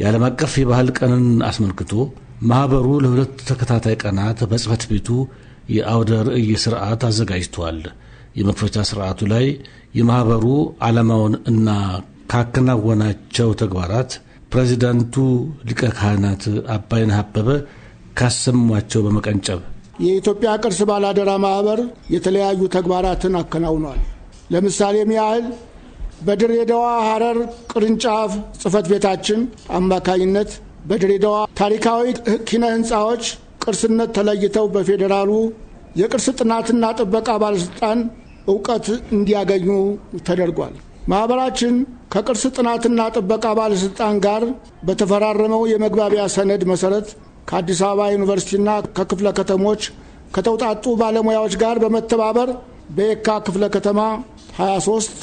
የዓለም አቀፍ የባህል ቀንን አስመልክቶ ማኅበሩ ለሁለት ተከታታይ ቀናት በጽህፈት ቤቱ የአውደ ርእይ ስርዓት አዘጋጅቷል። የመክፈቻ ስርዓቱ ላይ የማኅበሩ ዓላማውን እና ካከናወናቸው ተግባራት ፕሬዚዳንቱ ሊቀ ካህናት አባይነህ አበበ ካሰሟቸው በመቀንጨብ የኢትዮጵያ ቅርስ ባላደራ ማኅበር የተለያዩ ተግባራትን አከናውኗል። ለምሳሌም ያህል በድሬዳዋ ሀረር ቅርንጫፍ ጽህፈት ቤታችን አማካኝነት በድሬዳዋ ታሪካዊ ኪነ ህንፃዎች ቅርስነት ተለይተው በፌዴራሉ የቅርስ ጥናትና ጥበቃ ባለሥልጣን እውቀት እንዲያገኙ ተደርጓል። ማኅበራችን ከቅርስ ጥናትና ጥበቃ ባለሥልጣን ጋር በተፈራረመው የመግባቢያ ሰነድ መሠረት ከአዲስ አበባ ዩኒቨርሲቲና ከክፍለ ከተሞች ከተውጣጡ ባለሙያዎች ጋር በመተባበር በየካ ክፍለ ከተማ 23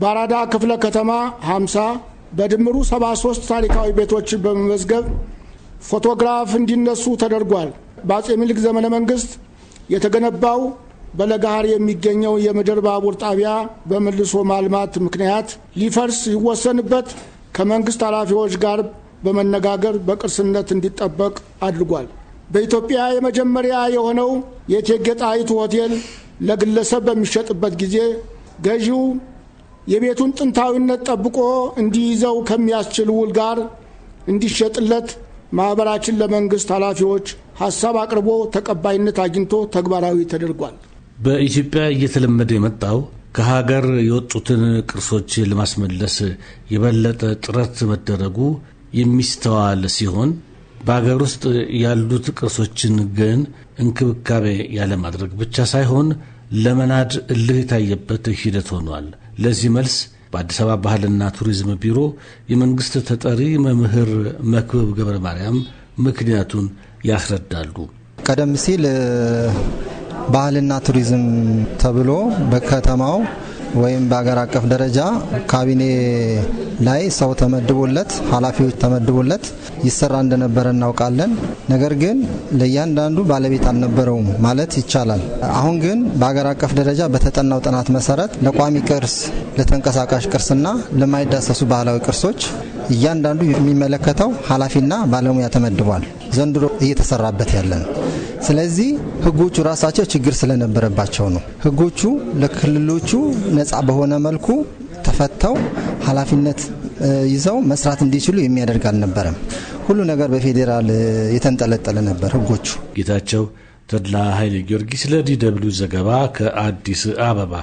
በአራዳ ክፍለ ከተማ 50 በድምሩ 73 ታሪካዊ ቤቶችን በመመዝገብ ፎቶግራፍ እንዲነሱ ተደርጓል። በአጼ ምኒልክ ዘመነ መንግስት የተገነባው በለጋሃር የሚገኘው የምድር ባቡር ጣቢያ በመልሶ ማልማት ምክንያት ሊፈርስ ይወሰንበት ከመንግስት ኃላፊዎች ጋር በመነጋገር በቅርስነት እንዲጠበቅ አድርጓል። በኢትዮጵያ የመጀመሪያ የሆነው የእቴጌ ጣይቱ ሆቴል ለግለሰብ በሚሸጥበት ጊዜ ገዢው የቤቱን ጥንታዊነት ጠብቆ እንዲይዘው ከሚያስችል ውል ጋር እንዲሸጥለት ማኅበራችን ለመንግሥት ኃላፊዎች ሐሳብ አቅርቦ ተቀባይነት አግኝቶ ተግባራዊ ተደርጓል። በኢትዮጵያ እየተለመደ የመጣው ከሀገር የወጡትን ቅርሶች ለማስመለስ የበለጠ ጥረት መደረጉ የሚስተዋል ሲሆን በሀገር ውስጥ ያሉት ቅርሶችን ግን እንክብካቤ ያለማድረግ ብቻ ሳይሆን ለመናድ እልህ የታየበት ሂደት ሆኗል። ለዚህ መልስ በአዲስ አበባ ባህልና ቱሪዝም ቢሮ የመንግስት ተጠሪ መምህር መክብብ ገብረ ማርያም ምክንያቱን ያስረዳሉ። ቀደም ሲል ባህልና ቱሪዝም ተብሎ በከተማው ወይም በሀገር አቀፍ ደረጃ ካቢኔ ላይ ሰው ተመድቦለት ኃላፊዎች ተመድቦለት ይሰራ እንደነበረ እናውቃለን። ነገር ግን ለእያንዳንዱ ባለቤት አልነበረውም ማለት ይቻላል። አሁን ግን በሀገር አቀፍ ደረጃ በተጠናው ጥናት መሰረት ለቋሚ ቅርስ፣ ለተንቀሳቃሽ ቅርስና ለማይዳሰሱ ባህላዊ ቅርሶች እያንዳንዱ የሚመለከተው ኃላፊና ባለሙያ ተመድቧል። ዘንድሮ እየተሰራበት ያለ ነው። ስለዚህ ህጎቹ ራሳቸው ችግር ስለነበረባቸው ነው። ህጎቹ ለክልሎቹ ነጻ በሆነ መልኩ ተፈተው ኃላፊነት ይዘው መስራት እንዲችሉ የሚያደርግ አልነበረም። ሁሉ ነገር በፌዴራል የተንጠለጠለ ነበር ህጎቹ። ጌታቸው ተድላ ኃይሌ ጊዮርጊስ ለዲ ደብልዩ ዘገባ ከአዲስ አበባ